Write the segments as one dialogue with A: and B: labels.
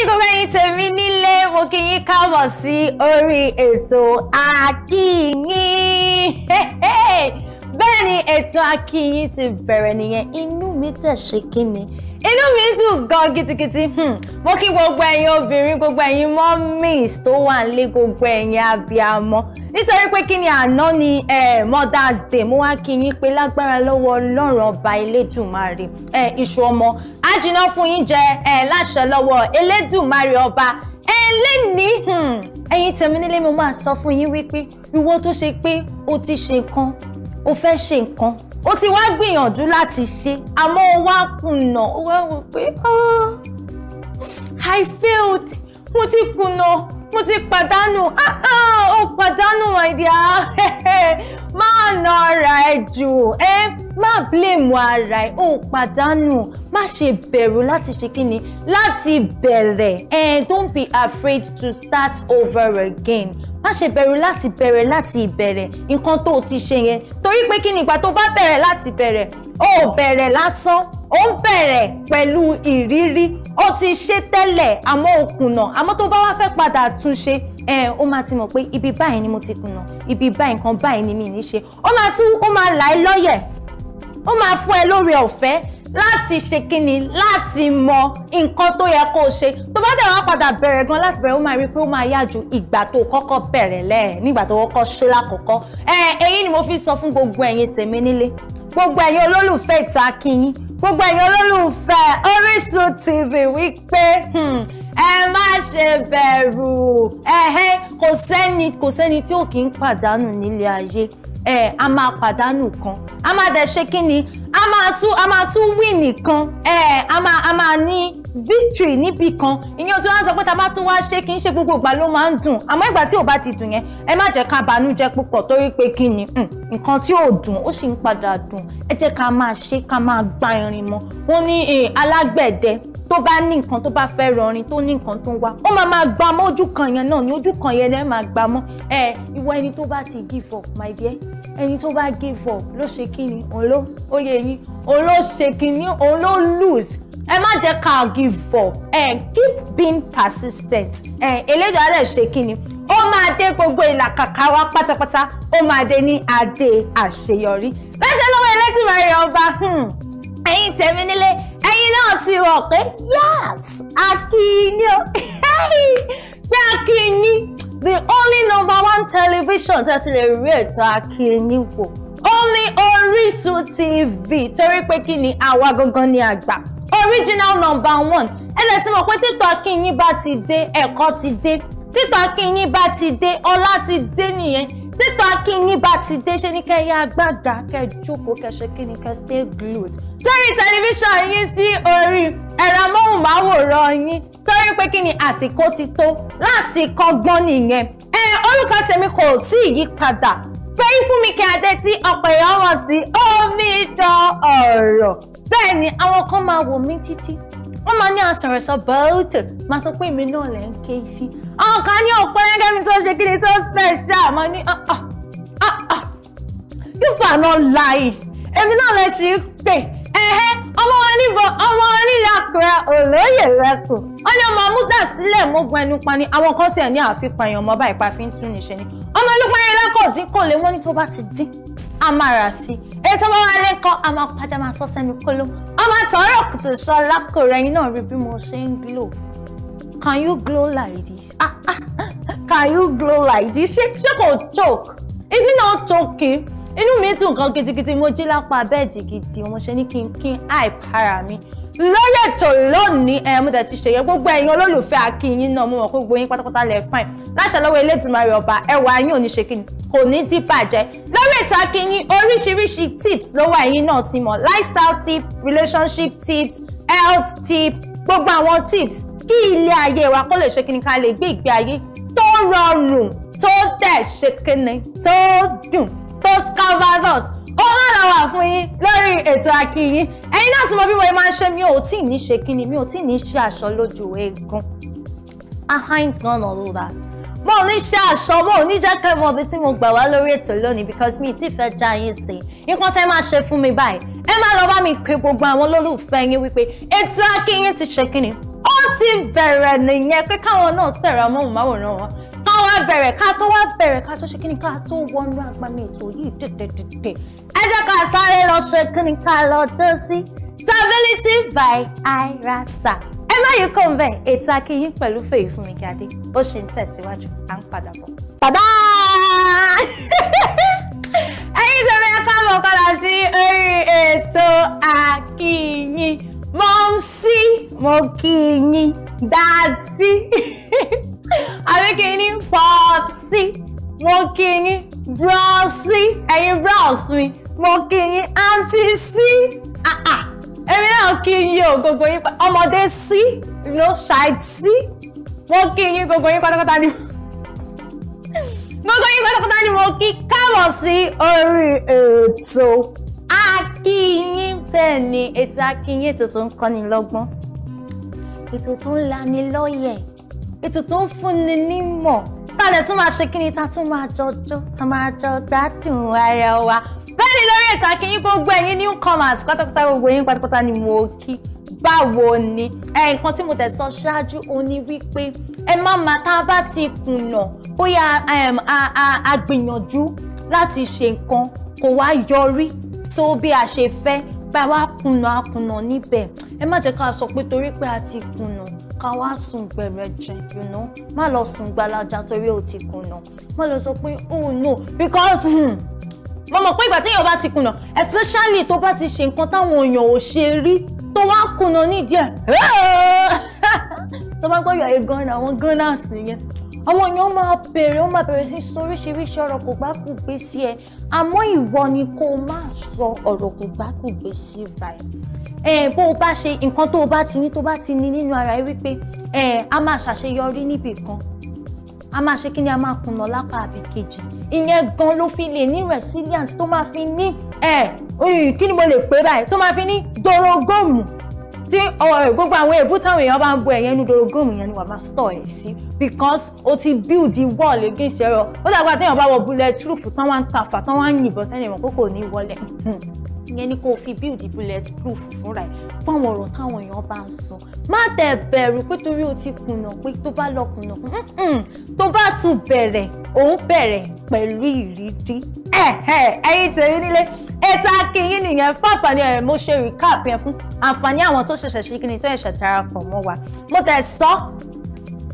A: yìí gbogbo ẹ̀yin tèmi nílé mo kí yín káàbọ̀ sí orí ètò AkiiYin bẹ́ẹ̀ ni ètò AkiiYin ti bẹ̀rẹ̀ nìyẹn inú mi tẹ̀ ṣe kí ni inú mi dùn gan gidigidi hmm. mo kí gbogbo ẹ̀yin obìnrin gbogbo ẹ̀yin mọ́mìs tó wà nílé gbogbo ẹ̀yin abiyamọ nítorí pé kí ni àná ni eh, Mother's Day mo wá kí yín pé lágbára lọ́wọ́ Ọlọ́run ọba Elédùmarè eh, iṣu ọmọ á jiná fún yín jẹ eh, láṣẹ lọ́wọ́ Elédùmarè ọba ẹlẹ́nìí hmm. ẹ̀yin tèmi nílé mo máa sọ fún yín wípé ìwọ tó ṣe pé o ti ṣe nǹkan o fẹ́ ṣe nǹkan o ti wá gbìyànjú láti ṣe àmọ́ o wá kùnà o wá wò pé ah, i failed mo ti kùnà mo ti pàdánù ó pàdánù my dear máa nà ara ẹ jù ẹ má blame ara ẹ ó pàdánù má ṣe bẹ̀rù láti ṣe kí ni láti bẹ̀rẹ̀ don't be afraid to start over again má ṣe bẹ̀rù láti bẹ̀rẹ̀ láti ìbẹ̀rẹ̀ nǹkan tó o ti ṣe yẹn torí pé kí ni ìgbà tó bá bẹ̀rẹ̀ láti bẹ̀rẹ̀ ó bẹ̀rẹ̀ lásán ó bẹ̀rẹ̀ pẹ̀lú ìrírí ó ti ṣe tẹ́lẹ̀ àmọ́ ó àmọ́ tó bá wá fẹ́ padà ṣàtúnṣe ẹ ó máa ti mọ̀ pé ibi báyìí ni mo ti kùnà ibi báyìí nǹkan báyìí ni mi ní ṣe ó máa tún ó máa là ẹ́ lọ́yẹ̀ ó máa fún ẹ lóore ọ̀fẹ́ láti ṣe kíni láti mọ nǹkan tó yẹ kó o ṣe tó bá dẹ̀ padà bẹ̀rẹ̀ gan láti bẹ̀rẹ̀ ó máa rí i pé ó máa yá ju ìgbà tó kọ́kọ́ bẹ̀rẹ̀ lẹ́ẹ̀ nígbà tó kọ́kọ́ ṣe lákọ̀ọ́kọ́ ẹ èyí ni mo fi sọ fún gbogbo ẹ̀yin tèmi nílé gbogbo ẹ̀yin olólùfẹ́ ìtàkìyìn gbogbo ẹ̀yin olólùfẹ́ Orísun TV wípé hmm, ẹ má ṣe bẹ̀rù ẹ̀hẹ́ kò sẹ́ni kò sẹ́ni tí ò kí ń pàdánù nílé ayé ẹ̀ a máa pàdánù kan a máa dẹ̀ ṣe kí ni a máa tún a máa tún win nìkan ẹ̀ a máa a máa ní victory níbì kan ìyẹn tí wọ́n á sọ pé ta bá tún wá ṣe kí n ṣe gbogbo ìgbà ló máa ń dùn àmọ́ ìgbà tí ò bá ti dùn yẹn ẹ má jẹ́ ká bànújẹ́ púpọ̀ torí pé kí ni hmm, nǹkan tí ò dùn ó sì ń padà dùn ẹ jẹ́ ká máa ṣe ká máa gba irin mọ́ wọ́n ní eh, alágbẹ̀dẹ tó bá ní nǹkan tó bá fẹ́ rọrin tó ní nǹkan tó ń wá ó máa máa gbà mọ́ ojú kan yẹn náà ní ojú kan yẹn náà máa gbà mọ́ ẹ ìwọ ẹni tó bá ti give up my dear ẹni tó bá give up ló ṣe kí ni òun ló ó yẹ yín òun ló ṣe kí ni òun ló lose ẹ má jẹ́ ká give up ẹ keep being persistent ẹ eléjọ́ alẹ́ ṣe kí ni ó máa dé gbogbo ìlàkàkà wa pátápátá ó máa dé ní adé àṣeyọrí láṣẹ lọ́wọ́ ẹlẹ́tìmọ̀ ẹ̀yọ̀ ọba hmm, ẹ̀yin tẹ̀mí nílé ẹ̀yin náà ti rọ̀ pé yas akíní o pé akíní the only number one television tẹ́ ti lè rí ètò akíní wò only Orísun TV torí pé kí ni àwa gangan ni àgbà original number one ẹ̀dẹ̀ tí mo pé títọ́ akíní bá ti dé ẹ̀kọ́ ti dé títọ́ akíní bá ti dé ọlá ti dé nìyẹn títọ́ akínyìn bá ti dé ṣe ní kẹ́yà gbàgbà kẹjókòó kẹṣe kí ni kẹ stay glued. sórí tẹlifíṣàn yín sí orí ẹ̀rọ amóhùnmáwòrán yín torí pé kí ni àsìkò ti tó láti kọ́gbọ́n nìyẹn. ẹ orúkọ tèmi kò tí ì yí padà fẹ́yìn fún mi kí adé tí ọ̀pọ̀ èèyàn mọ̀ sí omidan ọ̀rọ̀ bẹ́ẹ̀ ni àwọn kan máa wò mí títí wọ́n máa ní àsọ̀rọ̀sọ bọ́ọ̀tì máa sọ pé èmi náà lẹ́ ń ké sí. àwọn kan ní ọ̀pọ̀ rẹ́gẹ́ mi tó ṣe kí ni tó special máa ní yípa náà láàyè èmi náà lè ṣe é pè ẹ̀hẹ́ ọmọ wọn níbọn ọmọ wọn nílẹ̀ àkùrẹ́ olóyè rẹ́kù wọ́n ní ọmọ amúdà sílẹ̀ mógun ẹnu pa ni àwọn kan tiẹ̀ ní àfipá èèyàn ọmọ báyìí pa fi ń tún níṣẹ́ ni ọmọ olùpayẹ̀lẹ́kọ̀ọ́ dín kò lè wọ́n ní tó bá ti dín á máa rà sí i ètò bá wà lẹ́kọ̀ọ́ a máa padà máa sọ sẹ́nu kóló ọmọ àtọ̀rọ̀ kùtù sọ lákòrò ẹ̀yin náà rí bí mo ṣe ń glow can you glow like this ah ah can you glow like this ṣé ṣé kò choke is it not choking inú mi dùn gan gidigidi mo jí lápá bẹ́ẹ̀dì gidi mo ṣe ní kí n kí n hype ara mi lórí ètò lónìí ẹ mo dẹ̀ ti ṣèyẹ gbogbo ẹ̀yin olólùfẹ́ akínyìn náà mo mọ̀ gbogbo yín pátápátá lẹ̀ fine láṣẹ lọ́wọ́ elédùnmarè ọba ẹwà yín ò ní ṣe kíni kò ní dí bàjẹ́ lórí ètò akínyìn oríṣiríṣi tips ló wà ẹ̀yin náà ti mọ̀ lifestyle tips relationship tips health tips gbogbo àwọn tips kí ilé ayé wa kó lè ṣe kíni ká lè gbé ìgbé ayé tó rọrùn tó dẹ̀ ṣe kíni tó dùn tó scavagos ọlá la wà fún yín lórí ètò AkiiYin ẹ̀yin náà ti mọ bí wọ́n máa ń ṣe mi ò tí ì ní ṣe kíni mi ò tí ì ní ṣe aṣọ lójú eegun ahint gan all that mo ò ní ṣe aṣọ mo ò ní jẹ́ kẹ́ mọ ibi tí mo gbà wá lórí ètò lónìí because mi ì fẹ́ já yín sí i nǹkan tẹ́ máa ṣe fún mi báyìí ẹ máa lọ bá mi pe gbogbo àwọn olólùfẹ́ yín wípé ètò AkiiYin ti ṣe kíni ó ti bẹ̀rẹ̀ nìyẹn pé káwọn náà tẹ̀ra mọ́ òun máwòrán wọn ká wá bẹ̀rẹ̀ ká tó wá bẹ̀rẹ̀ ká tó ṣe kíni ká tó wọnú agbami ètò yìí dèdèdèdè ẹ jẹ́ ká sáré lọ ṣe kíni ká lọ dé sí stability by irasta ẹ má yí kò ń bẹ̀ ètò akínyìn pẹ̀lú fèyí fún mi kíadé ó ṣe ń tẹ̀síwájú à ń padà bọ̀. padà ẹ̀yin tó bẹ́ẹ̀ káàbọ̀ padà sí orí ètò akínyìn mọ́mísí mo kí yín dáàtí. àbíkíní pọ́ọ̀sì mo kí yín bros ẹ̀yin bros mi mo kí yín àǹtí sí èmi náà kí yín o gbogbo yín ọmọdé sí ló ṣáì sí mo kí yín gbogbo yín pátápátá ni gbogbo yín pátápátá ni mo kí káàbọ̀ sí orí ètò akíyín bẹ́ẹ̀ ni ètò akíyín ètò tó ń kọ́ni lọ́gbọ́n ètò tó ń lani ètò tó ń fúnni nímọ̀ tá a lè tún máa ṣe kí ni tá a tún máa jọ jó tá a máa jọ gbádùn ara wa bẹ́ẹ̀ ni lórí ètò àkíyín gbogbo ẹ̀yin newcomers pátápátá gbogbo yín pátápátá ni mo kí báwo ni nǹkan tí mo tẹ̀ sọ ṣáájú ó ní wípé ẹ má máa tá a bá ti kùnà bóyá a gbìyànjú láti ṣe nǹkan kò wá yọrí tó bí a ṣe fẹ́ bá wa kùnà a kùnà níbẹ̀ ẹ má jẹ́ ká sọ pé torí pé a ti kùnà ká wá sùn gbẹrẹjẹ you know má lọ sùn gbalaja torí o ti kùnà má lọ sọ pé oh no because hmm, mo mọ̀ pé ìgbà téèyàn bá ti kùnà especially tó bá ti ṣe nǹkan táwọn èèyàn ò ṣe rí tó wá kùnà nídìí ẹ̀ tó bá gbọ́ yọ egan àwọn gunners nìyẹn àwọn èèyàn máa bèrè ó máa bẹ̀rẹ̀ sí sọ oríṣiríṣi ọ̀rọ̀ kò gbá kù gbé sí ẹ àmọ́ ìwọ ni kó má sọ ọ̀rọ̀ kò gbá kù gbé sí báyìí ẹ bó o bá ṣe nǹkan tó o bá ti ní tó o bá ti ní nínú ara ẹ wípé ẹ a máa ṣàṣeyọrí níbì kan a máa ṣe kí ni a máa kùnà lápá àbí kejì ìyẹn gan ló fi lè ní resilient tó máa fi ní ẹ kí ni mo lè pè báyìí tó máa fi ní dorogomu tí gbogbo àwọn èébú táwọn èèyàn bá ń bo ẹ̀yẹ́ inú dorogomu yẹn ni wàá máa store ẹ̀ sí because o ti build the wall against ẹ̀rọ ó dàgbà téèyàn bá wọ bullet proof tán wá ń tàfà tán wá ń yìnbọn sẹ́yìn ìmọ̀ kókò ní wọlé hmm ìyẹn ni kò fi build bulletproof fúnra ẹ̀ fún àwọn ọ̀rọ̀ táwọn èèyàn bá ń sọ má tẹ̀ bẹ̀rù pé torí o ti kùnà pé tó bá lọ kùnà tó bá tún bẹ̀rẹ̀ òun bẹ̀rẹ̀ pẹ̀lú ìrírí ẹ̀yin tèmi nílé ètò akínyìn nìyẹn fún àǹfààní ẹ̀ mo ṣe recap yẹn fún àǹfààní àwọn tó ṣẹ̀ṣẹ̀ ṣe kí tó ṣẹ̀ṣẹ̀ darapọ̀ mọ́ wa mo tẹ̀ sọ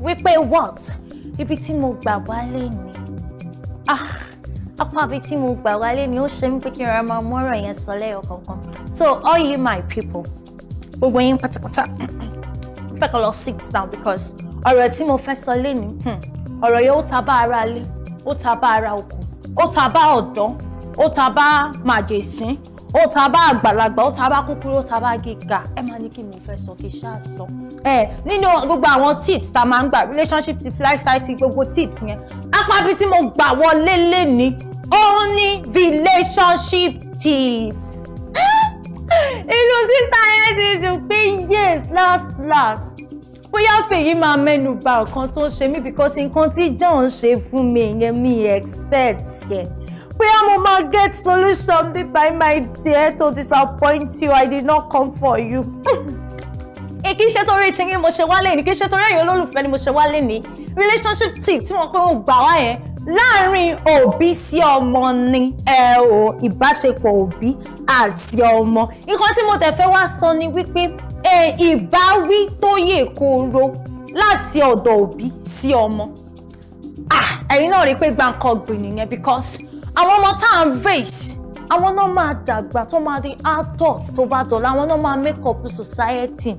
A: wípé what ibi tí mo gbà wálé ni ah ọpọ́n àbí tí mo gbà wálé ni ó ṣe mí pé kí n rà máa mú yẹn sọ lẹ́yọ kọ̀ọ̀kan so all you my people gbogbo yín pátápátá fẹ́ kọ́ lọ sit down because ọ̀rọ̀ tí mo fẹ́ sọ lénìí hmm, ọ̀rọ̀ yẹn ó ta bá ara lé ó ta bá ara oko ó ta bá ọ̀dọ́ ó ta bá màjèsín ó ta bá àgbàlagbà ó ta bá kúkúrú ó ta bá gíga ẹ máa ní kí mi fẹ́ sọ kí ṣáà sọ. ẹ nínú gbogbo àwọn tips tá máa ń gbà relationship tips lifestyle tips gbogbo tips yẹn apábí tí mo gbà wọlé lẹ́ni òun relationship tips. inú sísá yẹn ti dùn pé yes last last bóyá fèyí máa mẹ́nu bà ọ̀kan tó ń ṣe mí because nǹkan tí John ṣe fún mi yẹn mi expect yẹn. Yeah bóyá mo máa get solution bí by my dear to disappoint you I did not come for you. èkì ṣe torí ti yín mo ṣe wálé ní kí ṣe torí ẹ̀yin olólùfẹ́ ni mo ṣe wálé ní relationship tip tí wọ́n pé ó gbà wá yẹn láàárín òbí sí ọmọ ni ẹ o ìbáṣepọ̀ òbí àti ọmọ nǹkan tí mo tẹ̀ fẹ́ wá sọ ni wípé ẹ ìbáwí tó yè kooro láti ọ̀dọ̀ òbí sí ọmọ ah, ẹ̀yin náà rí i pé gbàǹkan gbìn nìyẹn because àwọn ọmọ tá à ń raise àwọn náà máa dàgbà tó máa di adult tó bá dọ̀la àwọn náà máa make up society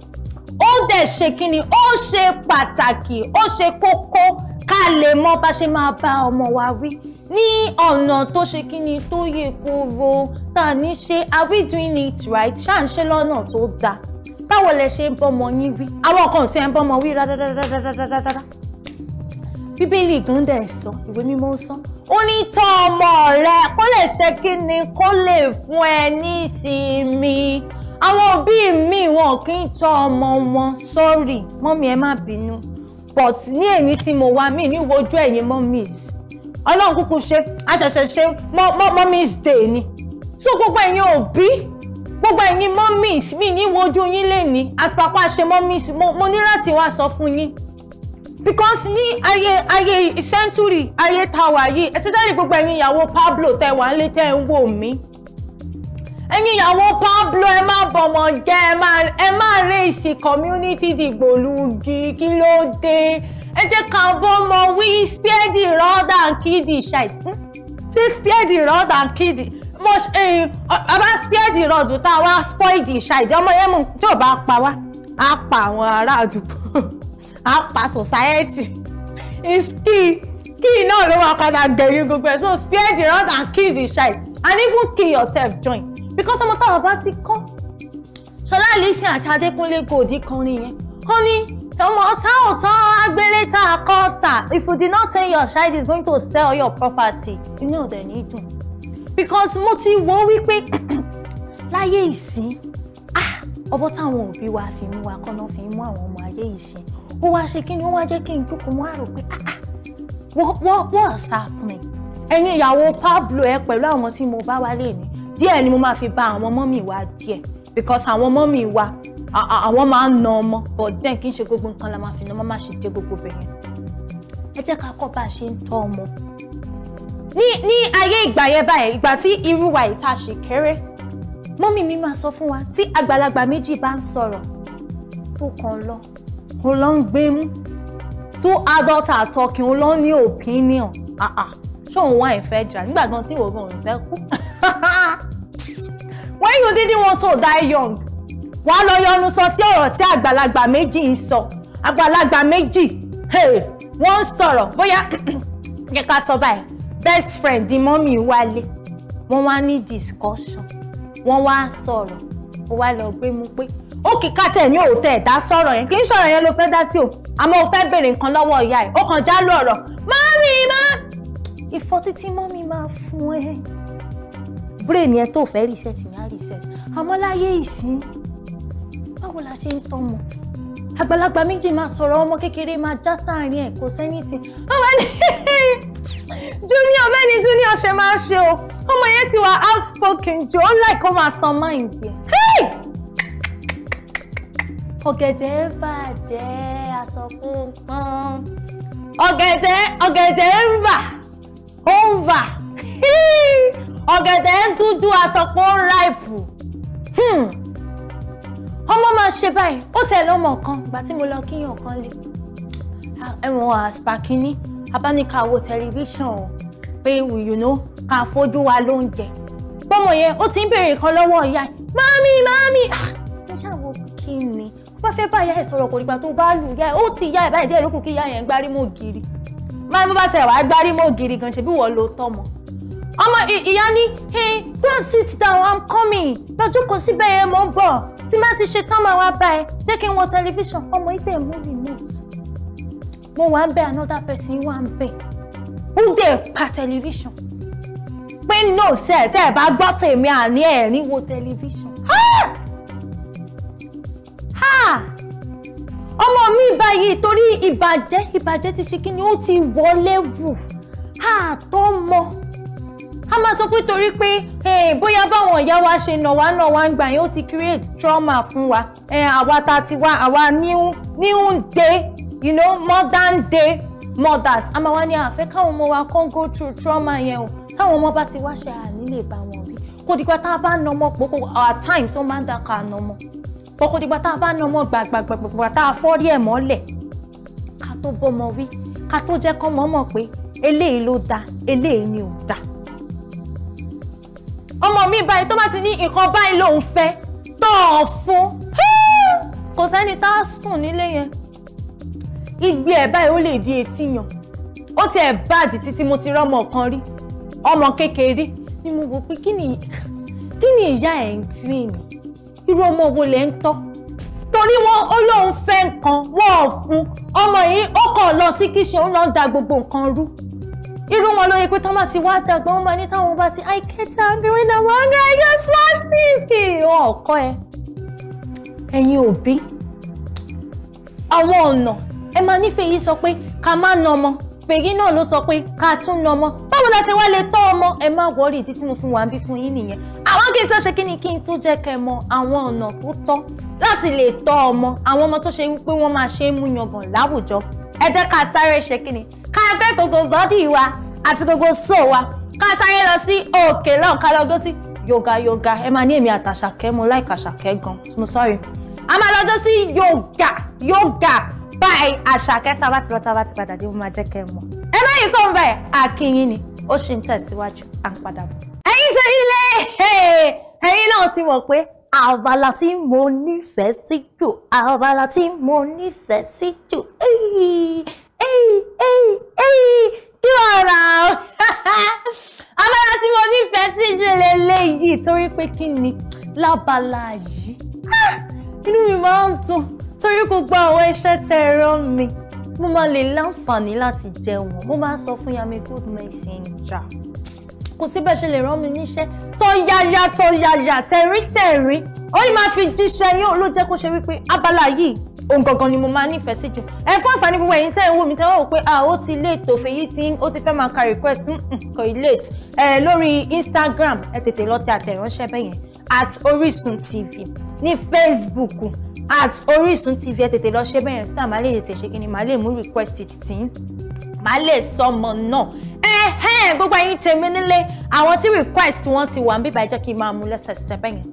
A: ó dẹ̀ ṣe kíni ó ṣe pàtàkì ó ṣe kókó ká lè mọ bá ṣe máa bá ọmọ wa wí ní ọ̀nà tó ṣe kíni tó yẹ kóró tá a ní ṣe are we doing it right ṣáà ń ṣe lọ́nà tó dáa báwo lẹ ṣe ń bọ́mọ yín wí àwọn kan ò tí ń bọ́mọ wí rárá bíbélì gan dẹ̀ sọ ìwé mímọ́ sọ. ó ní tọ́ ọmọ rẹ kó lè ṣe kí ni kó lè fún ẹ ní ìsinmi àwọn òbí mi wọn kì í tọ́ ọmọ wọn sọ́ọ̀rì mọ́mí ẹ má bínú but ní èyí tí mo wá mi ní wojú ẹ̀yìn mọ́mís ọlọ́run kúkú ṣe àṣẹ̀ṣẹ̀ ṣe mọ́mís day ni so gbogbo ẹ̀yin òbí gbogbo ẹ̀yin mọ́mís mi ní wojú yín lẹ́ni àsìpàpọ̀ àṣẹ mọ́mís mo ní láti wá sọ fún yín because ní ayé ayé century ayé tàwa yìí especially gbogbo ẹ̀yin ìyàwó Pablo tẹ wà nílé tẹ ń wò mí ẹ̀yin ìyàwó Pablo ẹ máa bọ̀mọ̀ jẹ́ ẹ máa race community dìgbòlugi kí ló dé ẹ jẹ́ ká bọ́mọ wí spare the rod and kill the child ṣé hmm? spare the rod and kill the mo ṣe bàbá eh, spare the rod tá a wá spoil the child ọmọ yẹn mú tí ò bá pa wá á pa àwọn ará àdúgbò. á pa society is key key náà ló wà padà gbẹ̀yìn gbogbo ẹ̀ so spare the rod and kill the shy and even kill yourself join because ọmọ táwọn bá ti kọ́ ṣọlá alison àti adékúnlé gòdì kan rí yẹn wọ́n ní ọmọ ọ̀tá ọ̀tá agbélé tá a kọ́ ọ̀tá if you did not tell your child he is going to sell your property you know they need to because mo ti wò wípé láyé ìsín ah, ọbọ̀ táwọn òbí wa fi mú wa kọ́nà fi mú àwọn ọmọ ayé ìsín ó wá ṣe kí ni ó wá jẹ́ kí n jókòó mo wá rò pé ah, ah, what's happening ẹ̀yin ìyàwó Pablo ẹ pẹ̀lú àwọn tí mo bá wálé ni díẹ̀ ni mo máa fi ba, àwọn ọmọ mi wá díẹ̀ because àwọn ọmọ mi wá àwọn máa ń na ọmọ but then kì í ṣe gbogbo nǹkan la máa fi na ọmọ máa ṣe dé gbogbo bẹ̀rẹ̀ ẹ jẹ́ ká kọ́ bá a ṣe ń tọ́ ọmọ ní ní ayé ìgbà yẹn báyẹn ìgbà tí irú wa ìta ṣe kéré mọ́mì mi máa sọ fún wa tí àgbàlagbà méjì bá ń sọ̀rọ̀ tó kàn lọ olóńgbémú two adults are talking olóńní opinion Ah ṣé òun wá ìfẹ́ jà nígbà gan tí ìwọ gan òun fẹ́ kú. when you didn't want to die young wàá lọ yọnu sọ sí ọ̀rọ̀ tí àgbàlagbà méjì ń sọ àgbàlagbà méjì wọ́n ń sọ̀rọ̀ bóyá jẹ́ ká sọ báyìí best friend di mọ́mì wálé wọ́n wá ní discussion wọ́n wá sọ̀rọ̀ ó wá lọ gbé mú pé òkè kàtẹ́ ní òótẹ́ ẹ̀dá sọ̀rọ̀ yẹn kì í sọ̀rọ̀ yẹn ló fẹ́ dá sí o àmọ́ o fẹ́ béèrè nǹkan lọ́wọ́ ìyá ẹ̀ ó kàn já lù ọ̀rọ̀ mọ́mí má ìfọ́ títí mọ́mí máa fún ẹ brain yẹn tó fẹ́ reset yẹn á reset àmọ́ láyé ìsín báwo la ṣe ń tọ́mọ àgbàlagbà méjì máa sọ̀rọ̀ ọmọ kékeré máa já sáàrin ẹ̀ kò sẹ́ni tí ọmọ ní junior bẹ́ẹ̀ junior ṣe máa ṣe o ọmọ yẹn ti wà outspoken jù ó láì kó máa san mind yẹn ọ̀gẹ̀dẹ̀ ń bàjẹ́ aṣọ pọ́npọ́n ọ̀gẹ̀dẹ̀ ọ̀gẹ̀dẹ̀ ń bà ó ń bà ọ̀gẹ̀dẹ̀ ń dúdú aṣọ pọ́n ráìpù ọmọ máa ṣe báyìí ó tẹ̀lé ọmọ kan ìgbà tí mo lọ kíyàn kan lé ẹ̀wọ̀n àṣpà kínní abáníkàwò tẹlifíṣàn o pé you know ká fojú wa lóúnjẹ pọ́mọ yẹn ó ti ń béèrè kan lọ́wọ́ ìyá ẹ̀ mami mami ah mo ṣàwọ̀ kí ni bá fẹ́ bá ìyá ẹ̀ sọ̀rọ̀ kò nígbà tó bá lù ìyá ẹ̀ ó ti ìyá ẹ̀ báyìí díẹ̀ lókù kí ìyá yẹn gbárí mọ́ ògiri máa bá tẹ̀ wá gbárí mọ́ ògiri gan ṣe bí wọ́n lo tọmọ. ọmọ ìyá ní hey go and sit down i'm coming lọ́jọ́ kan síbẹ̀ yẹn mò ń bọ̀ tí má ti ṣe tán máa wá bá ẹ jẹ́ kí n wo tẹlifíṣàn ọmọ ibẹ̀ mú remote mo wà ń bẹ another person wà ń bẹ ó dẹ̀ pa tẹlifíṣàn pé no sẹ́ẹ̀ tẹ́ ẹ bá gbọ́ tèmi àní ẹ̀ ní wo tẹlifíṣàn. Ha! ọmọ mi báyìí torí ìbàjẹ́ ìbàjẹ́ ti ṣe kíni ó ti wọlé wù àtọ́ mọ́ a máa sọ pé torí pé eh, bóyá báwọn ìyá wa ṣe nà wá nà wá ń gbà yẹn ó ti create trauma fún wa eh, àwa ta ti wá àwa new day you know modern day mothers a máa wá ní àfẹ́ káwọn ọmọ wa kàn go through trauma yẹn o táwọn ọmọ bá ti wá ṣe àní lè bá wọn rí kò dìgbà tá a bá nà ọmọ pòpò our time so máa ń dà ká nà ọmọ kọ́kọ́ dìgbà tá a bá ná ọmọ gbàgbàgbàgbà tá a fọ́rí ẹ̀ mọ́lẹ̀ ká tó bọ́mọ wí ká tó jẹ́ kọ́mọ mọ̀ pé eléyìí ló da eléyìí ni ò da. ọmọ mi báyìí tó bá ti ní nǹkan báyìí lòun fẹ́ tọ̀ ọ̀ fún kò sẹ́ni tá a sùn nílé yẹn igbe ẹ̀ báyìí ó lè di etí yan ó ti ẹ̀ báàdì títí mo ti rọ́mọ kan rí ọmọ kékeré ni mo wò pé kí ni ìyá ẹ̀ ń tírì ní irú ọmọ wo lẹ ń tọ́ torí wọn ó lóun fẹ́ nǹkan wọn ò fún ọmọ yìí ó kàn lọ sí kíṣìn ó lọ da gbogbo nǹkan rú irú wọn ló yẹ pé tọ́mà ti wá dàgbà wọn ní táwọn bá ti i get angry when i'm angry i get smash this ọkọ ẹ ẹ̀yin òbí àwọn ọ̀nà ẹ máa nífẹ̀ẹ́ yìí sọ pé ká má na ọmọ fèyí náà ló sọ pé ká tún na ọmọ báwo la ṣe wá lè tọ́ ọmọ ẹ má wọrí ìdí mo fún wa ń bí fún yín nìyẹn àwọn kí n tó ṣe kí ni kí n tó jẹ́ kẹ́ mọ àwọn ọ̀nà tó tọ́ láti lè tọ́ ọmọ àwọn ọmọ tó ṣe wípé wọ́n máa ṣe é mú yangàn láwùjọ ẹ jẹ́ ká sáré ṣe kí ni ká fẹ́ gbogbo bọ́dì wa àti gbogbo soul wa ká sáré lọ sí òkè náà ká lọ sí yoga yoga ẹ máa ní èmi àtàṣàkẹ́ mo láì kàṣàkẹ́ gan mo sorry a máa lọ́jọ́ sí yoga yoga báyìí àṣàkẹ́ tá a bá ti lọ tá a ti padà dé mo máa jẹ́ kẹ́ ẹ mọ̀ ẹ báyìí kò ń bẹ̀ àkínyìn ni ó ṣì ń tẹ̀síwájú à ń padà bọ̀ ẹ̀yin náà ti mọ̀ pé abala tí mo nífẹ̀ẹ́ sí jù abala tí mo nífẹ̀ẹ́ sí jù kí ọ̀rọ̀ àwọn abala tí mo nífẹ̀ẹ́ sí jù lélẹ́yìí torí pé kí ni lábala yìí inú mi máa ń dùn torí gbogbo àwọn iṣẹ́ tẹ́ ẹ rán mi mo máa lè láǹfààní láti jẹ wọn mo máa sọ fún Yami good messenger kò sí bẹ́ẹ̀ ṣe lè rán mi níṣẹ́ tọ́yáyá tọ́yáyá tẹ̀rítẹ̀rí ó yìí máa fi jíṣẹ́ yóò ló jẹ́ kó ṣe wípé abala yìí ohun gangan ni mo máa nífẹ̀ẹ́ sí jù ẹ fún àǹfààní gbogbo ẹ̀yin tẹ́ ẹ̀ ń wò mí pé ah ó ti late òfin yìí tí ó ti fẹ́ máa ka request hmm, hmm, kò í late ẹ lórí Instagram ẹ tètè lọ tẹ àtẹ̀ránṣẹ́ bẹ́yẹn at Orisun TV ní Facebook at Orisun TV ẹ tètè lọ ṣe bẹ́yẹn sọ́dà máa lè tètè ṣe kí ni máa lè mú request títí máa lè sọmọ náà ẹ̀hẹ́n gbogbo ẹ̀yin tèmi nílé àwọn tí request wọn ti wà ń bíbá ẹjọ́ kí n máa mú lẹ́sẹ̀sẹ̀ bẹ́yẹn.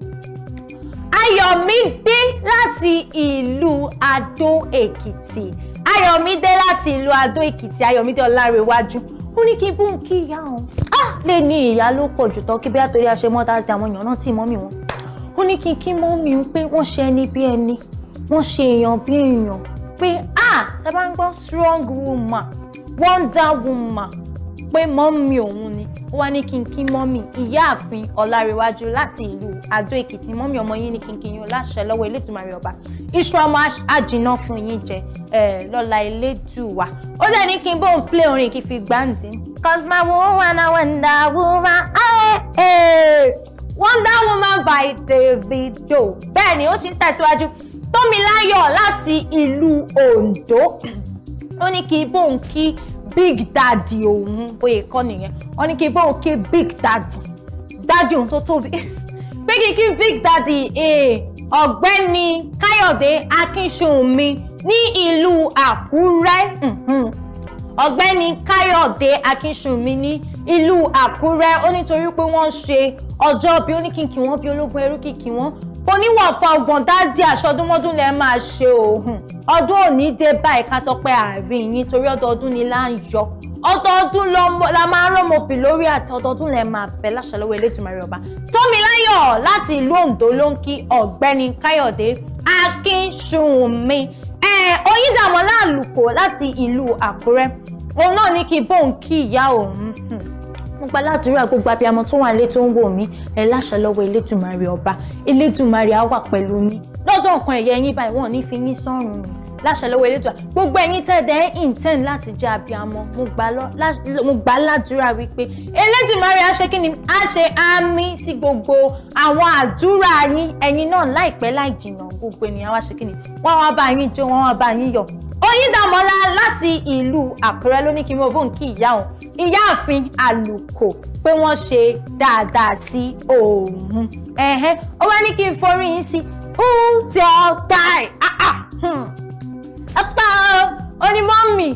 A: Ayọ̀mídé láti ìlú Adó Èkìtì Ayọ̀mídé láti ìlú Adó Èkìtì Ayọ̀mídé Ọláréwájú ó ní kí n bú kí ìyá òun á lè ní ìyá ló pọ̀ jù tán kí bí àtòrí àṣemọ́ tá a ṣe àwọn èèyàn náà tì mọ́mì wọn ó ní kí n kí mọ́mì ń pé wọ́n ṣe ẹni bí ẹni wọ́n ṣe èèyàn bí èèyàn pé ah tá bá ń gbọ́ strong woman wonder woman pé mọ́mì òun ni ó wá ní kínkín mọ́mì ìyáàfin ọ̀làríwájú láti ìlú àdó èkìtì mọ́mì ọmọ yín ní kínkín yín láṣẹ lọ́wọ́ elétùmarè ọba iṣu ọmọ àjìnà fún yín jẹ ẹ lọ́la elédùwà ó dẹ̀ ní kí n bóun plé orin kí fi gbáǹdì. cause my woman na wonder woman aye ah, eh, eh. wonder woman by Davido bẹ́ẹ̀ ni ó ti ń tẹ̀síwájú tómiláyọ̀ láti ìlú Oǹdó ó ní kí bóun kí big daddy òun bóyá kọ́ nìyẹn wọ́n ní kí n bọ́ òkè big daddy daddy òun tó tóbi pé kí n kí big daddy eh, ọ̀gbẹ́ni káyọ̀dé akínṣùnmi ní ìlú àkúrẹ́ mm-hmm. ọ̀gbẹ́ni káyọ̀dé akínṣùnmi ní ìlú àkúrẹ́ ó nítorí pé wọ́n ṣe ọjọ́ bí ó ní kí n kí wọ́n bí ológun ẹrú kí kí oníwọ̀fà ọgbọ̀n dáàdì aṣọ ọdúnmọ́dún lẹ máa ṣe òògùn hmm. ọdún òní dé báyìí ká sọ pé àárín yín torí ọdọọdún ni là ń yọ ọdọọdún la máa ń rọmọbì lórí àti ọdọọdún lẹ máa fẹ́ láṣà lọ́wọ́ elétùmarè ọba tómiláyọ̀ láti ìlú Oǹdó ló ń kí ọ̀gbẹ́ni Káyọ̀dé Akínṣùnmí Oyíndàmọ́lá Àlùkò láti ìlú Àkúrẹ́ òun náà ní kí bóun kí ìyá òun hmm mo gba ládùúrà gbogbo abiyamọ tó wà nílé tó ń wò mí ẹ láṣẹ lọ́wọ́ elédùnmarè ọba elédùnmarè á wà pẹ̀lú mi lọ́dọ̀ nǹkan ẹ̀yẹ yín báyìí wọn ò ní fi yín sọ́run mi láṣẹ lọ́wọ́ elédùà gbogbo ẹ̀yin tẹ̀dẹ̀ intend láti jẹ́ abiyamọ mo gbà ládùúrà wípé elédùnmarè á ṣe kíni á ṣe àmì sí gbogbo àwọn àdúrà yín ẹ̀yin náà láìpẹ́ láì jìnnà gbogbo ènìyàn wá ṣe kíni wọ́n wá bá yín jó wọ́n wá bá yín yọ̀ Oyíndàmọ́lá láti ìlú Àkúrẹ́ ló ní kí n mọ òun ìyáàfin àlùkò pé wọ́n ṣe dáadáa sí òun ẹ̀hẹ́n ó wá ní kí n forí yín sí who's your guy ọ̀pá ah, ah, hmm. onímọ̀mì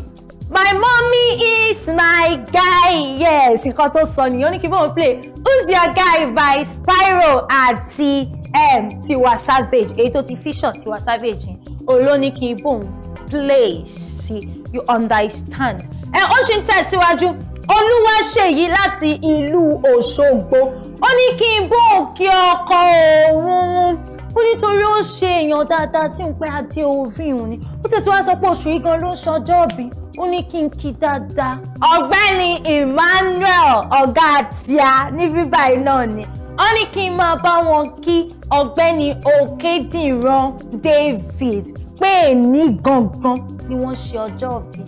A: my mommy is my guy yes nǹkan tó sọ nìyẹn ó ní kí n bọ̀ play who's your guy by Spyro àti um, Tiwa Savage èyí tó ti fission Tiwa Savage yẹn olóní kí n bò ń play sí you understand ẹ ó ṣe ń tẹ̀síwájú Olúwaṣèyí láti ìlú Òṣogbo ó ní kí n bó òkè ọkọ òun ó nítorí ó ṣe èèyàn dáadáa sí ń pẹ́ adé òfin òun ni ó tètè wá sọ pé oṣù yìí gan ló ṣọjọ́ bí ó ní kí n kí dáadáa. ọ̀gbẹ́ni Emmanuel ọ̀gá àtìá ní bíbá iná ni ó ní kí n máa bá wọn kí ọ̀gbẹ́ni Òkèdìran David pé èní gangan ni wọ́n ṣe ọjọ́ bí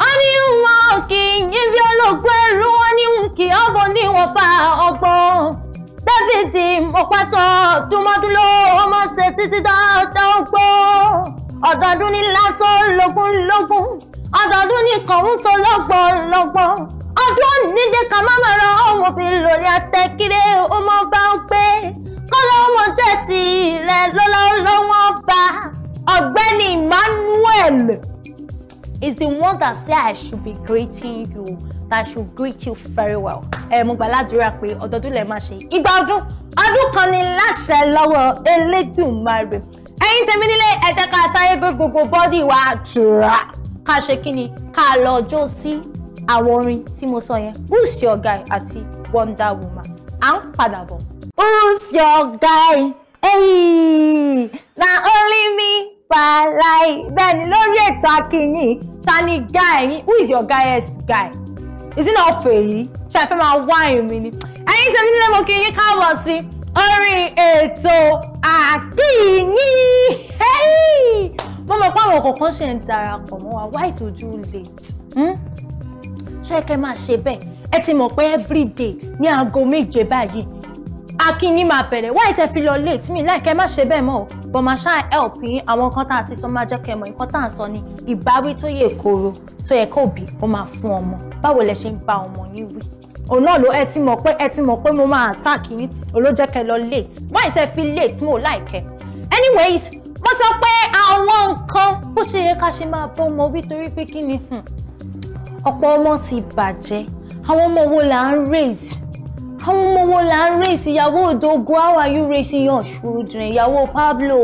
A: wọ́n ní wọn kì í yíbi ológun ẹrú wọn ní kì ọ̀bọ̀ ní wọn fa ọgbọ́n dáfídì mọ̀pásọ̀ túmọ́dún ló ọmọ ṣe títí dáadáa gbọ́ ọ̀dọ́dún ní lásán lógún lógún ọ̀dọ́dún ní kọ̀ọ̀hún so lọ́gbọ̀n lọ́gbọ̀n ọdún nídé kan má máa ra ọmọ fi lórí atẹ́kíré ó mọ bá ń pé kọ́lọ́ ọmọ jẹ́ tirẹ̀ lọ́lọ́lọ́wọ́n bá ọ̀gbẹ́ni Emmanuel is the one that say I should be greeting you that I should greet you very well. Ẹ mo gbà ládùúrà pé ọdọọdún lè máa ṣe ìgbà ọdún ọdún kan ni láṣẹ lọ́wọ́ Elédùmarè. Ẹ̀yin tèmi nílé ẹ jẹ́ ká sáré gbé gbogbo bọ́dì wa tura ká ṣe kí ni ká lọ jó sí àwọn orin tí mo sọ yẹn Who's Your Guy àti Wonder Woman à ń padà bọ̀. Who's your guy? Hey, na only me. Falai bẹ́ẹ̀ ni lórí ètò akínní ta guy yín who is your guyest guy is it not fèyí ṣe àfẹ́ máa wá ìrìn ni ẹ̀yin tẹ̀mí nílé mo kí yín káàbọ̀ sí orí ètò akínní mo mọ̀ pé àwọn kọ̀ọ̀kan ṣe ń darapọ̀ mọ́ wa why do you late hmm? ṣé kẹ́ máa ṣe bẹ́ẹ̀ ẹ ti mọ̀ pé everyday ní aago méje báyìí akínyìn máa bẹ̀rẹ̀ wáyé tẹ fi lọ late mi láìkẹ́ má ṣe bẹ́ẹ̀ mọ́ o bọ̀ máa ṣáà help yín àwọn nǹkan tá a ti sọ máa jẹ́ kẹ́ mọ̀ nǹkan tá à ń sọ ni ìbáwí tó yẹ kóró tó yẹ kó bí ó máa fún ọmọ báwo lẹ ṣe ń bá ọmọ yín wí òun náà ló ẹ ti mọ̀ pé ẹ ti mọ̀ pé mo máa attack yín òun ló jẹ́ kẹ́ lọ late wáyé tẹ fi late mo láìkẹ́ anyways mo sọ pé àwọn nǹkan bó ṣe yẹ ká ṣe máa bọ́ ọmọ wí torí pé kí ni hmm. ọ̀pọ̀ ọmọ ti bàjẹ́ àwọn ọmọ wo là ń raise àwọn ọmọ wo là ń race ìyàwó òdògo how are you racing your children ìyàwó Pablo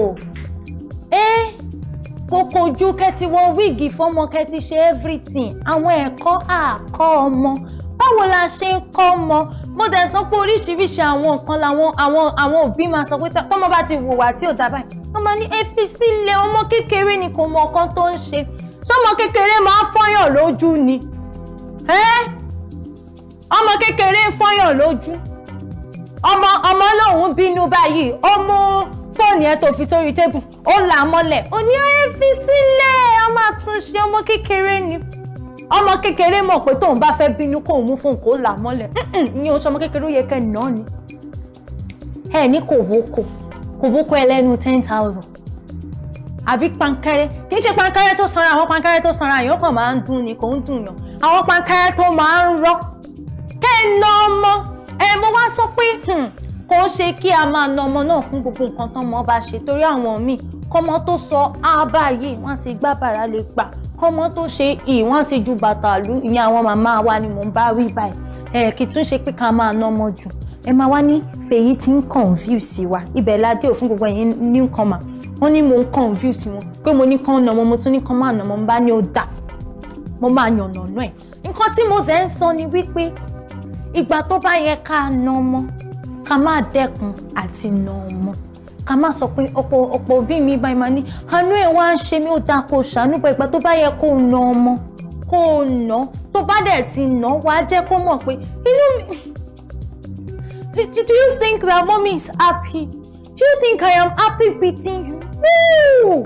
A: ẹ eh? kókójú kẹ́tì wọ wíìgì fọ́mọ kẹ́tì ṣe everything àwọn ẹ̀kọ́ àkọ́ ọmọ báwo la ṣe ń kọ́ ọmọ mo dẹ̀ sọ pé oríṣiríṣi àwọn nǹkan làwọn àwọn àwọn òbí máa sọ pé tọ́mọ bá ti wùwà tí ò dábàá yìí ní efi sílẹ̀ ọmọ kékeré ni kò mọ ọkàn tó ń ṣe sọmọ kékeré máa fọyàn lójú ni. Eh? ọmọ kékeré ń fọyàn lójú ọmọ ọmọ lòun bínú báyìí ó mú fóònù ẹ tó fi sórí tébù ó là á mọ́lẹ̀ ó ní ẹ fi sílẹ̀ ọmọ àtúnṣe ọmọ kékeré ni ọmọ kékeré mọ̀ pé tóun bá fẹ́ bínú kóun mú fóònù kó là á mọ́lẹ̀ ní oṣù ọmọ kékeré ó yẹ kẹ́ náà ni ẹ ní kò wóko kò wóko ẹlẹ́nu ten thousand àbí pankẹ́rẹ́ kì í ṣe pankẹ́rẹ́ tó sanra àwọn pankẹ́rẹ́ tó sanra yìí ó kàn máa ń dùn ni kò ń dùn yàn àwọn pankẹ́rẹ́ tó máa ń rọ́ ẹ nà ọmọ ẹ mo wá sọ pé hmm, kò ṣe kí a máa nà ọmọ náà fún gbogbo nǹkan tán ọmọ bá ṣe torí àwọn míì kọ́mọ tó sọ ábà yìí wọ́n ti gbá bàrà lè pa kọ́mọ tó ṣe yìí wọ́n ti ju bàtà lù ìyẹn àwọn màmá wa ni mò ń bá wí báyìí ẹ kì í tún ṣe pé ká máa nà ọmọ jù ẹ máa wá ní fèyí tí ń confuse wa ibẹ̀ ládé òfin gbogbo ẹ̀yìn ní nǹkan mà wọ́n ní mò ń confuse wọn pé mo ní kán nà ọmọ mo tún ní kán máa nà ọmọ mo bá ní ó dà mo máa yànnà náà ẹ̀ nǹkan tí mo fẹ́ ń sọ ni wípé ìgbà tó bá yẹ ká na ọmọ ká má dẹ́kun àti na ọmọ ká má sọ pé ọ̀pọ̀ ọ̀pọ̀ òbí mi báyìí máa ní àánú ẹ̀ wá ń ṣe mí ó dáa kó ṣàánú pé ìgbà tó bá yẹ kó na ọmọ kó nà tó bá dẹ̀ ti nà wá jẹ́ kó mọ̀ pé inú mi. Do you think that mommy is happy? Do you think I am happy beating you? No!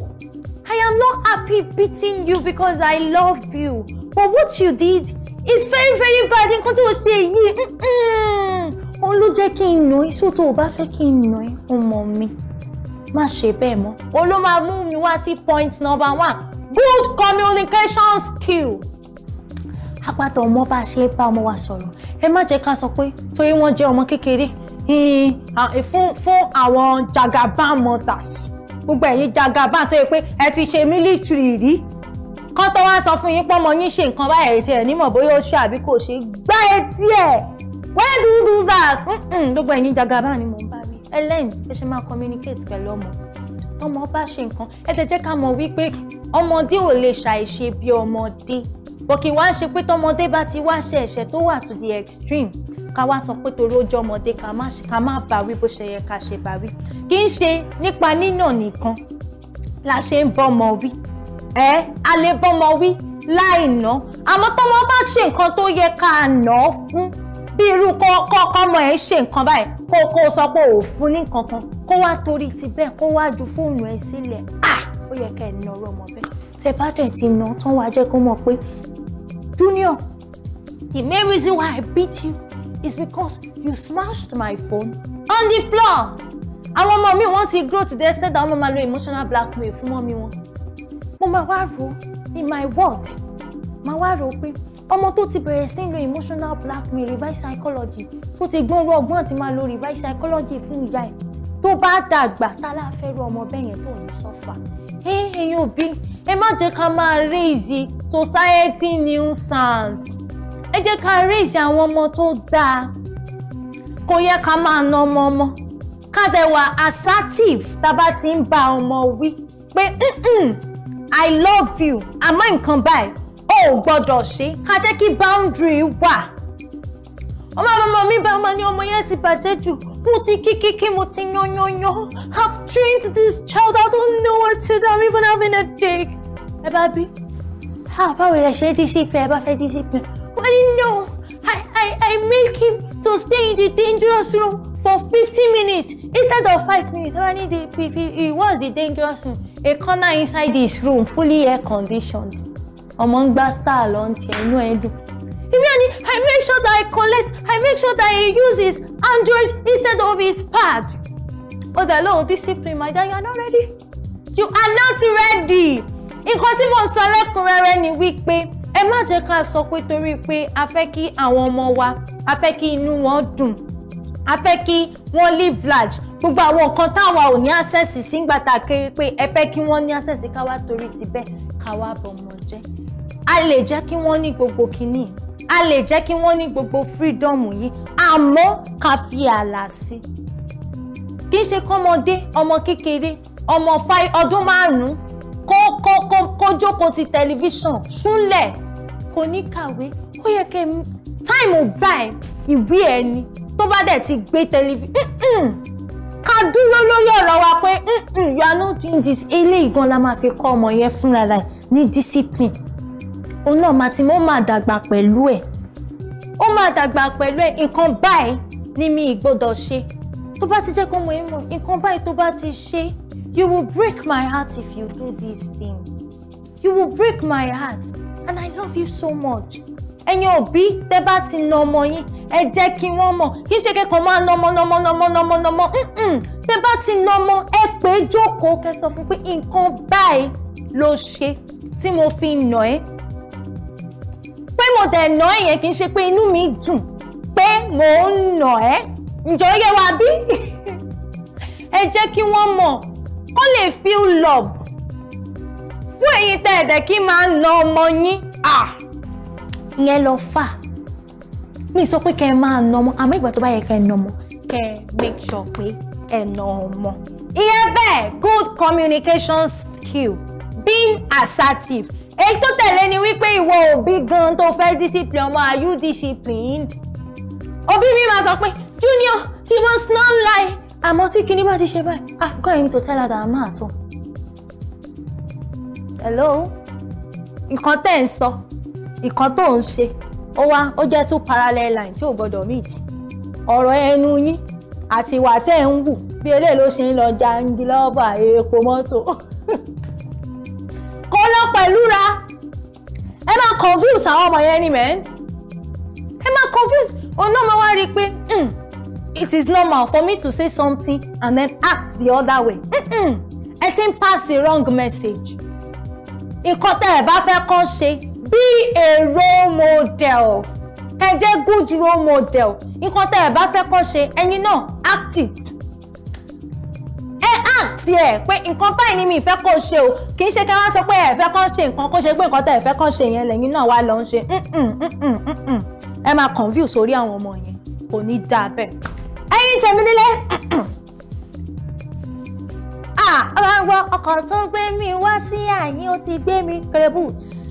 A: I am not happy beating you because I love you. But what you did it's very very bad nǹkan tó o ṣe yìí òun ló jẹ́ kí n nà ẹ́ sótò ò bá fẹ́ kí n nà ẹ́ ọmọ mi má ṣe bẹ́ẹ̀ mọ́ òun ló máa mú mi wá sí point number one good communication skill apátọ̀ ọmọ bá ṣe é bá ọmọ wa sọ̀rọ̀ ẹ má jẹ́ ká sọ pé torí wọ́n jẹ́ ọmọ kékeré eh, fún àwọn jagaban mothers gbogbo ẹ̀yin jagaban tó yẹ pé ẹ ti ṣe military rí kán tó wá sọ fún yín pọ́nmọ yín ṣe nǹkan báyìí ṣe ẹ̀ nímọ̀ bóyá ó ṣe àbí kò ṣe gbá etí ẹ̀ when do you do that gbogbo ẹ̀yin jagaba ni mo ń bá mi ẹlẹ́yìn ẹ ṣe máa communicate pẹ̀lú ọmọ ọmọ bá ṣe nǹkan ẹ tẹ jẹ́ ká mọ̀ wípé ọmọdé ò lè ṣàìṣe bí ọmọdé bọ̀ kí wá ń ṣe pé tọmọdé bá ti wá ṣe ẹ̀ṣẹ̀ tó wà to the extreme ká wá sọ pé torí ojú ọmọdé ká má bá wí bó ṣe yẹ ká ṣe bá wí kì í ṣe nípa nínà nìkan la ṣe ń bọ́ ọmọ ẹ a lè bọ́mọ wí láì ná àmọ́ tọ́mọ bá ṣe nǹkan tó yẹ ká ná fún bí irú kọ́mọ ẹ̀ ṣe nǹkan báyìí kó kó sọ pé ò fún ní kankan kó wá torí ti bẹ́ẹ̀ kó wá ju fóònù ẹ̀ sílẹ̀ ah ó yẹ ká ẹ̀ ná ọ̀rọ̀ ọmọ bẹ́ẹ̀ tẹ bá dẹ̀ ti ná tán wàá jẹ́ kó mọ̀ pé junior the main reason why I beat you is because you smashed my phone on the floor àwọn ọmọ mi wọ́n ti grow to the extent that wọ́n máa lo emotional blackmail fún mọ́mí wọn ó máa wá ro in my world máa wá ro pé ọmọ tó ti bẹ̀rẹ̀ sí lo emotional blackmail reverse psychology tó ti gbọ́n rọ ọgbọ́n àti máa lo reverse psychology fún ìyá ẹ̀ tó bá dàgbà tá a láfẹ́ ru ọmọ bẹ́ẹ̀ yẹn tó ní sọ́fà ẹ̀yin òbí ẹ má jẹ́ ká máa raise society nuisance ẹ jẹ́ ká raise àwọn ọmọ tó dáa kò yẹ ká máa na ọmọ ọmọ ká dẹ̀ wà assertive tá a bá ti ń bá ọmọ wí pé i love you àmọ́ nǹkan báyìí ó gbọ́dọ̀ ṣe ká jẹ́ kí boundary wà ọmọ ọmọ mi bá ọmọ ní ọmọ yẹn ti bàjẹ́ jù mo ti kí kí kí mo ti yan yan yan have trained this child i don't know what to do i'm even having a day ẹ bá bí ha ah, báwo lè ṣe discipline ẹ bá fẹ́ discipline wọ́n ní no i i i make him to stay in the dangerous room for fifty minutes instead of five minutes ẹ bá ní the he was the dangerous room a corner inside this room fully air conditioned ọmọ ń gbá star lọ ń tiẹ̀ inú ẹ̀ dùn. Ibi ẹni I make sure that I collect I make sure that I use his Android instead of his pad. Ó dẹ̀ lóhùn discipline my dear you are not ready. You are not ready. Nǹkan tí mo sọ lẹ́kùnrẹ́rẹ́ ni wípé ẹ má jẹ́ ká sọ pé torí pé a fẹ́ kí àwọn ọmọ wa a fẹ́ kí inú wọn dùn a fẹ́ kí wọ́n live large gbogbo àwọn nǹkan táwa ò ní access sí ńgbà tá a kéré pé ẹ fẹ́ kí wọ́n ní access káwá torí ti bẹ́ẹ̀ káwá bọmọ jẹ́ a lè jẹ́ kí wọ́n ní gbogbo kìíní a lè jẹ́ kí wọ́n ní gbogbo freedom yìí àmọ́ ká fi ààlà sí kì í ṣe kọ́mọdé ọmọ kékeré ọmọ five ọdún márùn-ún kó kó kó kó jókòó ti tẹlifíṣàn súnlẹ̀ kò ní kàwé ó yẹ kẹ́ táìmù báyìí ìwé ẹni tó bá dẹ̀ ti gbé tẹlifíṣàn ká dúró lórí ọ̀rọ̀ wa pé you are not doing this eléyìí gan la máa fi kọ́ ọmọ yẹn fúnra rẹ̀ ní discipline òun náà máa ti mọ́ máa dàgbà pẹ̀lú ẹ̀ ó máa dàgbà pẹ̀lú ẹ̀ nǹkan báyìí ni mi ì gbọ́dọ̀ ṣe tó bá ti jẹ́ kó mọ ẹ́ mọ̀ nǹkan báyìí tó bá ti ṣe you will break my heart if you do this thing you will break my heart and I love you so much ẹ̀yin òbí tẹ́ bá ti na ọmọ yín ẹ jẹ́ kí wọ́n mọ̀ kí ṣe kẹ́kọ̀ọ́ máa nọmọ nọmọ nọmọ nọmọ nọmọ tẹ́ bá ti nọmọ ẹ pè é jókòó kẹ́ sọ fún pé nǹkan báyìí ló ṣe tí mo fi nà ẹ́ pé mo dẹ̀ nà ẹ́ yẹn kì í ṣe pé inú mi dùn pé mò ń nà ẹ́ ǹjọ́ yé wa bí ẹ jẹ́ kí wọ́n mọ̀ kó lè feel loved fún èyí tẹ́ ẹ̀dẹ̀ kí máa ń na ọmọ yín ah ìyẹn lọ fà mi sọ pé kẹ́ ẹ máa nà ọmọ àmọ́ ìgbà tó bá yẹ kẹ́ ẹ nà ọmọ kẹ́ ẹ make sure pé ẹ nà ọmọ. ìyẹn bẹ́ẹ̀ good communication skill being assertive èyí tó tẹ̀lé ni wípé ìwọ òbí gan tó fẹ́ discipline ọmọ are you disciplined? òbí mi máa sọ pé junior you must not lie àmọ́ tí kinní bá ti ṣe báyìí ah go ahead to tell her that i'm at home. hello nǹkan tẹ́ ń sọ ìkan tó ń ṣe ó wá ó jẹ́ two parallel lines. tí ò gbọ́dọ̀ meet ọ̀rọ̀ ẹnu yín àti ìwà tẹ́ ń wù bí eléyìí ló ṣe ń lọ jangi lọ́bà epo mọ́tò kó lọ pẹ̀lú ra ẹ máa confuse àwọn ọmọ yẹn ni mẹ́ ẹ máa confuse òun náà máa rí i pé hmm, it is normal for me to say something and then act the other way hmm, hmm. ẹ ti ń pass the wrong message nǹkan tẹ́ ẹ bá fẹ́ kàn ṣe be a role model ẹ jẹ́ good role model nǹkan tẹ́ ẹ bá fẹ́ kọ́ ṣe ẹ̀yin náà act it act ẹ pé nǹkan báyìí ni mi fẹ́ kó ṣe o kì í ṣe ká wá sọ pé ẹ fẹ́ kó ṣe nǹkan kó ṣe pé nǹkan tẹ́ ẹ fẹ́ kó ṣe yẹn lẹ́yìn náà wá lọ ń ṣe ẹ máa confuse orí àwọn ọmọ yẹn kò ní dáa bẹ́ẹ̀. ẹ̀yin tèmi nílé àwọn ah, ọkọ̀ tó gbé mi wá sí àyín ó ti gbé mi kẹrẹbùtù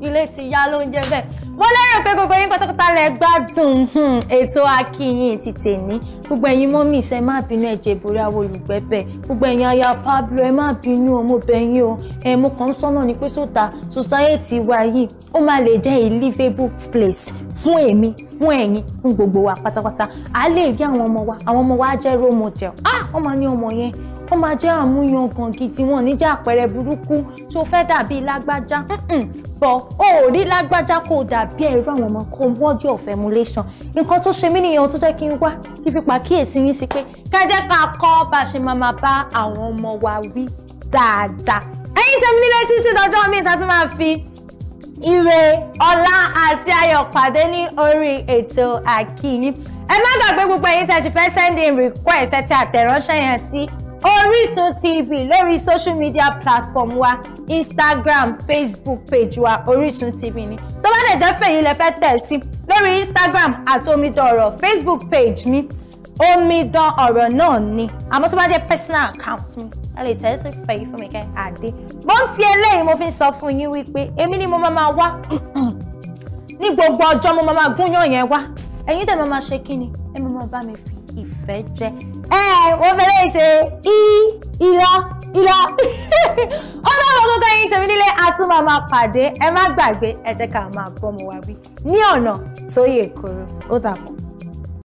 A: ilé ti yá ló ń jẹ́ bẹ́ẹ̀ mo lérò pé gbogbo yín pátápátá lẹ gbádùn hmm, ètò akínyìn ti tèmi gbogbo ẹ̀yin mọ́mí ṣe má bínú ẹ̀jẹ̀ ìborí àwọn olùgbẹ́bẹ̀ gbogbo ẹ̀yin aya Pablo ẹ má bínú o mo bẹ̀ yín o ẹ̀ mo kàn ń sọ́nà ni pé sóta society wa yìí ó máa lè jẹ́ a livable place fún èmi fún ẹ̀yin fún gbogbo wa pátápátá a lè rí àwọn ọmọ wa àwọn ọmọ wa á jẹ́ role model ah wọ́n máa ní ọmọ yẹn tó máa jẹ́ àmúyangàn gidi wọn níjà àpẹẹrẹ burúkú tó fẹ́ dàbí lágbájá bọ̀ ó rí lágbájá kó o dàbí ẹ̀rọ àwọn ọmọ kó wọ́ọ̀dì of emulation nǹkan tó ṣe mí nìyẹn tó jẹ́ kí n wá kí fipá kíyèsí yín sí pé ká jẹ́ ká kọ́ bá a ṣe máa máa bá àwọn ọmọ wa wí dáadáa ẹ̀yin tẹ̀mí nílé títí dọjọ́ mi ìta tí máa fi ire ọlá àti ayọ̀ pàdé ní orí ètò àkíyìn ẹ má gbàgbé gbogbo ẹ̀yin tẹ́ ṣe fẹ́ send in request ẹ ti àtẹ̀ránṣẹ́ yẹn sí Orísun TV lórí social media platform wa Instagram Facebook page wa Orísun TV ni tó bá dẹ̀ jẹ́ fèyí lẹ fẹ́ tẹ̀ sí lórí Instagram àti Omidan Facebook page mi Omidan Ọ̀rọ̀ náà ni àmọ́ tó bá jẹ́ personal account mi ẹ lè tẹ̀ sí fèyí fún mi kẹ́ àdé mo ń fi eléyìí mo fi ń sọ fún yín wípé èmi ni mo máa ma wá ní gbogbo ọjọ́ mo máa ma gúnyàn yẹn wá ẹ̀yin dẹ̀ máa ma ṣe kí ni ẹ máa ma bá mi fi ìfẹ́ jẹ wọ́n fẹ́rẹ̀ ṣe í ìlà ìlà ó dábọ̀ gbogbo ẹ̀yin tèmi nílé a tún máa máa pàdé ẹ má gbàgbé ẹ jẹ́ ká máa bọ́mọ wa wí